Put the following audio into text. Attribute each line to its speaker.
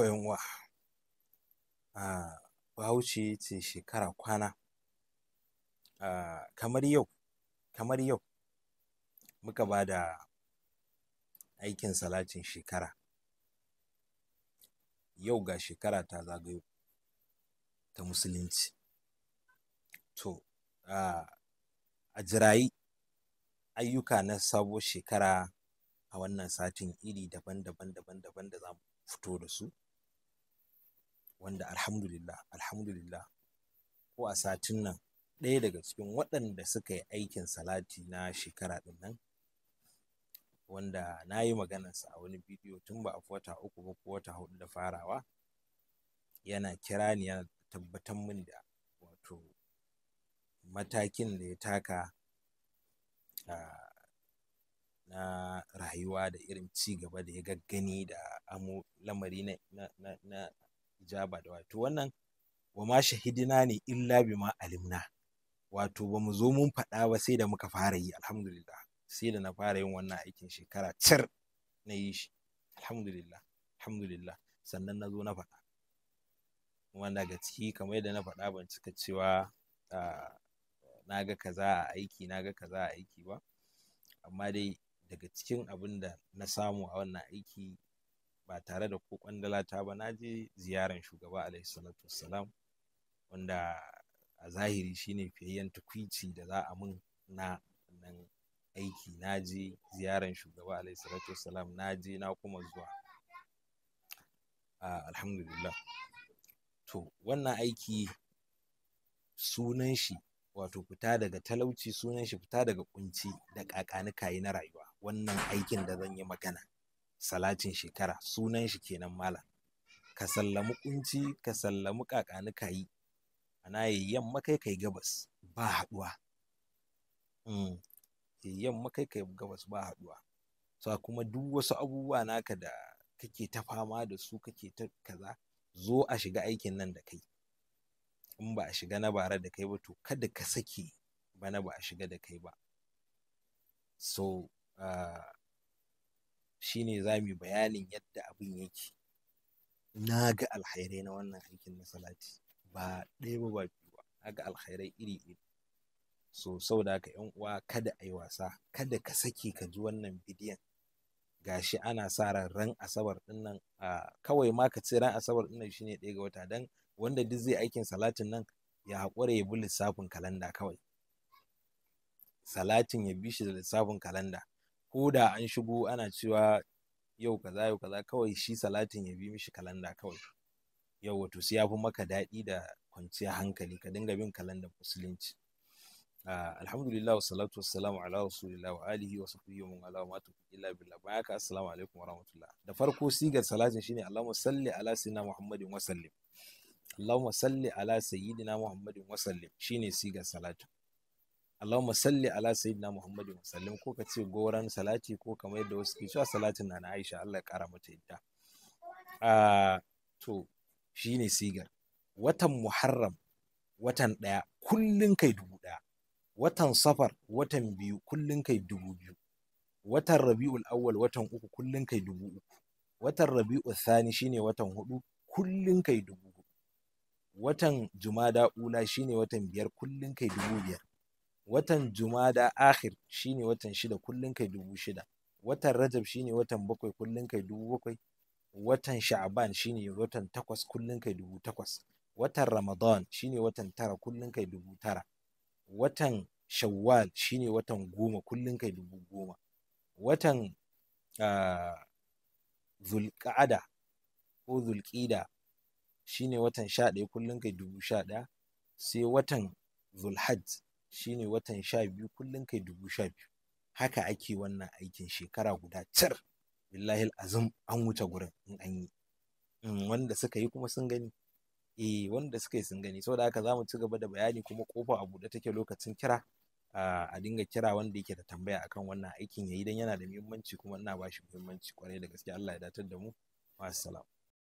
Speaker 1: wa a Bahaushe ce shekara kwana. Kamar yau, kamar yau muka ba da aikin salacin shekara. Yau ga shekara ta zagayo ta Musulunci. To, a jirayi ayyuka na sabuwar shekara a wannan satin iri daban-daban daban-daban da zamu fito da su wanda alhamdulillah alhamdulillah ko a satin nan ɗaya daga cikin waɗanda suka yi aikin salati na shekara ɗin nan wanda na yi maganarsa a wani bidiyo tun ba a wata uku ba ko wata hudu da farawa yana kira ni yana tabbatar min da wato matakin da ya taka ah, na rayuwa da irin ci gaba da ya gaggani da amo lamari na na na ijaba da wato wannan wa ma shahidina ne illa bima alimna wato ba mu zo mun faɗa ba sai da muka fara yi alhamdulillah sai da na fara yin wannan aikin shekara cir na yi shi alhamdulillah alhamdulillah sannan na zo na faɗa wanda ga ciki kamar yadda na faɗa ban cika cewa ah, na ga kaza a aiki na ga kaza a aiki ba amma dai daga cikin abin da na samu a wannan aiki ba tare da ko kwandala ta ba na je ziyaran shugaba alaihi salatu wassalam wanda a zahiri shine fiyayyen tukwici da za a mun na nan aiki na je ziyaran shugaba alaihi salatu wassalam na je na kuma zuwa ah, alhamdulillah to wannan aiki sunan shi wato fita daga talauci sunan shi fita daga kunci da kakanikayi na rayuwa wannan aikin da zan yi magana salatin shekara sunan shi kenan malam ka sallamu kunci ka sallami kakani ka yi ana yi yamma kai kai gabas ba haduwa mm. yamma kai kai gabas ba haduwa sa kuma duk wasu abubuwa naka da kake ta fama da su kake ta kaza zo a shiga aikin nan da kai in ba a shiga na bara da kai ba to kada ka sake bana ba a shiga da kai ba so shi ne za mu yi bayanin yadda abin yake na ga alkhairai na wannan aikin na salati ba ɗaya ba ba biyu ba na ga alkhairai iri iri so saboda haka yan uwa kada a yi wasa kada ka sake ka ji wannan bidiyon gashi ana sa ran ran asabar din nan kawai ma ka ce ran asabar din nan shine ɗaya ga wata dan wanda duk zai aikin salatin nan ya haƙura ya bi lissafin kalanda kawai salatin ya bi shi da lissafin kalanda ko da an shigo ana cewa yau kaza yau kaza kawai shi salatin ya bi mishi kalanda kawai yau wato sai ya fi maka daɗi da kwanciyar hankali ka dinga bin kalanda musulunci alhamdulillah wa salatu wa salamu ala rasulillah wa alihi wa sahbihi wa man ala ma illa billah bayan haka assalamu alaikum wa rahmatullah da farko sigar salatin shine Allahumma salli ala sayyidina Muhammadin wa sallim Allahumma salli ala sayyidina Muhammadin wa sallim shine sigar salatin Allahumma salli ala sayyidina Muhammadin sallim ko ka ce goran salati ko kamar yadda wasu ke cewa salatin na na Aisha Allah ya kara mata yadda to shine sigar watan Muharram watan ɗaya kullun kai dubu ɗaya watan Safar watan biyu kullun kai dubu biyu watan Rabi'ul Awwal watan uku kullun kai dubu uku watan Rabi'ul Thani shine watan hudu kullun kai dubu watan jumada ula shine watan biyar kullun kai dubu biyar watan jumada akhir shine watan shida kullun kai dubu shida watan rajab shine watan bakwai kullun kai dubu bakwai watan sha'ban shine watan takwas kullun kai dubu takwas watan ramadan shine watan tara kullun kai dubu tara watan shawwal shine watan goma kullun kai dubu goma watan ah, zulqa'ada ko zulqida shine watan sha ɗaya kullun kai dubu sha ɗaya sai watan zulhajj shine watan sha biyu kullum kai dubu sha biyu haka ake wannan aikin shekara guda cir billahi azum an wuce gurin in an yi mm, wanda suka yi kuma sun gani eh wanda suka yi sun gani saboda haka za mu ci gaba da bayani kuma kofa a buɗe take lokacin kira ah, a dinga kira wanda yake da tambaya akan wannan aikin yayi dan yana da muhimmanci kuma ina ba shi muhimmanci kwarai da gaske Allah ya datar da mu wassalam